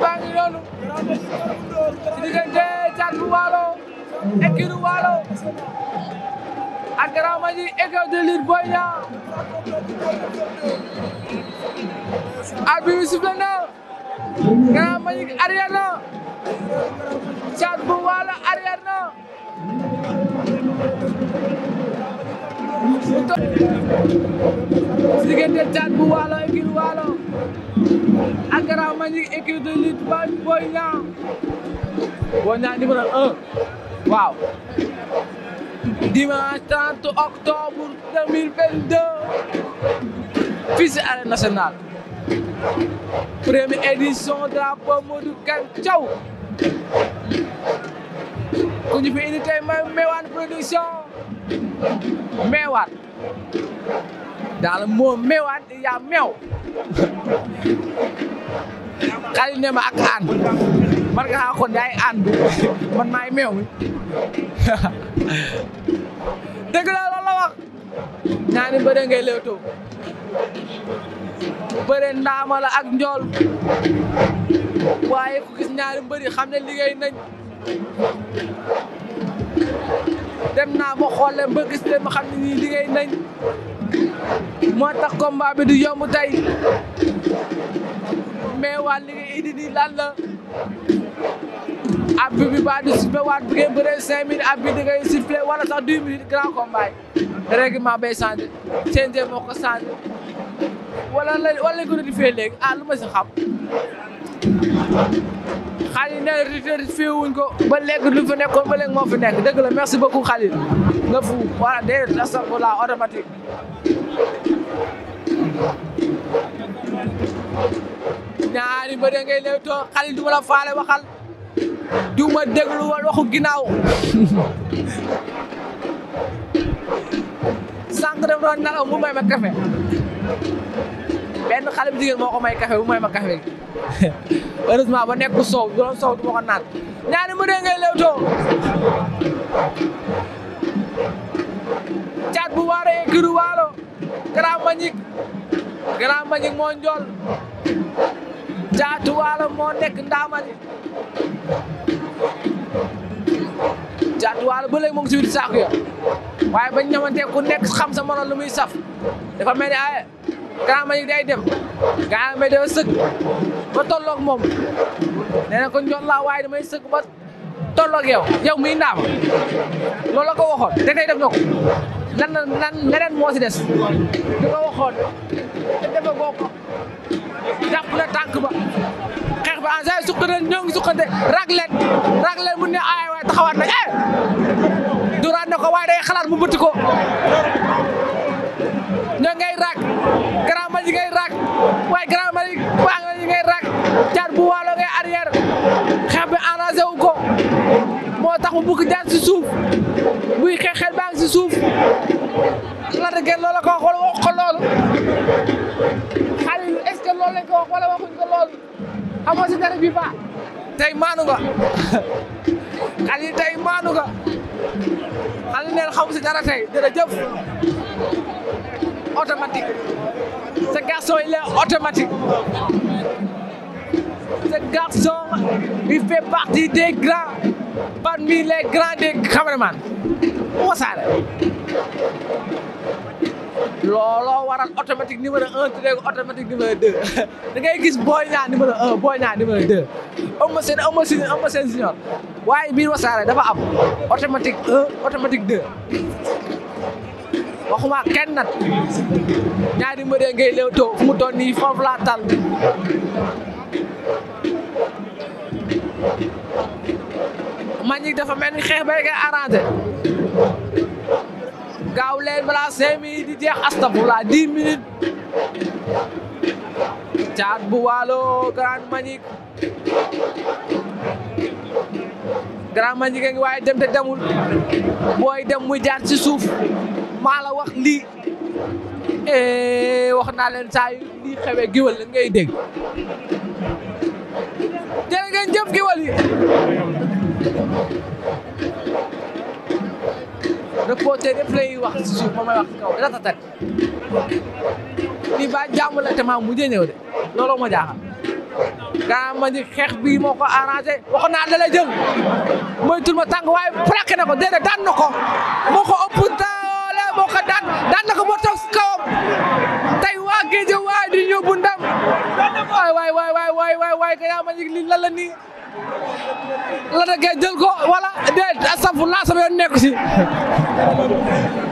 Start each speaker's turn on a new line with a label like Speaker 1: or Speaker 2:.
Speaker 1: baa ngi noonu ci diggante Thiat bu Waalo écurie Waalo ak Grand Magny école de lutte Boy Niang arbitre bi sifflé na Grand Magny arrière na Thiat bu Waalo arrière na ci diggante Thiat bu Waalo écurie Waalo ak Grand Mbagnick équipe de lutte ba Boy Niang Boy Niang numéro un waaw dimanche 30 octobre 2022 fii ci Arène nationale première édition drapeau Modou Kane Thiaw ku ñu fi indi tey mooy Mewane production daal moo meewaat yaa meew xali ne ma ak aan man nga ko daay aan bi man maay mi dëgg la loolu la wax ñaani bëre ngay ak njool waaye ku gis ñaari mbëri xam ne liggéey nañ dem naa ba xool leen ba xam ne ñii liggéey nañ moo tax combat bi du yomb tey mais waa li nga indi nii lan bi baa di sifflé waat bi ngeen bëree cinq minutes ab bi di ngay sifflé wala sax dix grand combat yi règlement bay changé CNG moo ko changé wala la wala lañ ko ah lu ma si xam ni nawet bi wuñ ko ba lekk lu fa nekkoon ba léegi moo fi nekk dëgg la merci beaucoup Khalil nga fu voilà déedéet astafurlah automatique. ñaari mbër ya ngay lew too Khalil du la faale waxal du ma déglu woon waxu ginnaaw sànq def doon nalaw mu may ma kafe. benn xale bu jigéen moo ko may café bu may ma café heureusement ba nekk soow bu doon ko naan ñaari mu dee ngay lewtoo caat bu waaree kiru waalo grand mañik grand mañik moo njool caatu waalo moo nekk ndaamali caatu waalo ba léegi mu ngi si biir saako ya waaye bañ ñamante ku nekk xam sa morom lu muy saf dafa mel ni ay ah, Grand Mbagnick day dem Grand Mbagnick dafa sëgg ba tolloog moom nee na ko njool laa waaye damay sëgg ba tolloog yow yow muy ndaama loolu la ko waxoon te tey def na ko lan moo si des di ko waxoon te defe goo ko jàpp na tànk ba xeex ba engins ah, suqate ñoo ngi suqate rag leen mu ne aay ah, waaye taxawaat na eh duraat na ko waaye day xalaat mu bëtt ko waaye Grand Malick baax nga yi ngay rak bu waalo ngay arrière bi arrangé wu ko moo tax mu bukki jaar si suuf buy xeex xel baa ngi si suuf la de gerte loola ko wax wala wax ko loolu Aliou est si dara bi ba tey maanu nga Aliou tey maanu nga Aliou neen xamu si dara tey jërëjëf automatique Ce garçon, il est automatique. Ce garçon, il fait partie des grands, parmi les grands des caméramans. Wassare. looloo waral automatique numéro un tuddee ko automatique numéro deux da ngay gis booy ñaar numéro un booy ñaar numéro deux ëmb seen ëmb seen waaye biir wasaare dafa am automatique un automatique deux waxuma kenn nag ñaari mbëree ngay léewtoo fu mu toll nii foofu laa tal dafa mel ni xeex bay ngay arrangé gaaw leen balaa cinq di jeex astafurlah dix minutes caat bu waalo grand Mbagnick grand Mbagnick a waaye dem demul booy dem muy jaar ci suuf maa la wax lii eh, wax naa leen saa lii xewee géwél la ngay dégg jërë ngeen jëf géwél yi reporter yëpp lay wax si suuf ma may wax kaw ratatat lii ba jàmm te maa mujjee de looloo ma jaaxal gaa ma ni bii moo ko arrangé wax naa da lay jël moytul ma tàng waaye plaqué na ko daan na ko moo ko ko daan na ko moo toog si waa géej waay di ñëbbu ndam waay waay waay waay waay ma yëg li lan la nii la da jël ko wala déet astaghfirullah sama yoon nekk si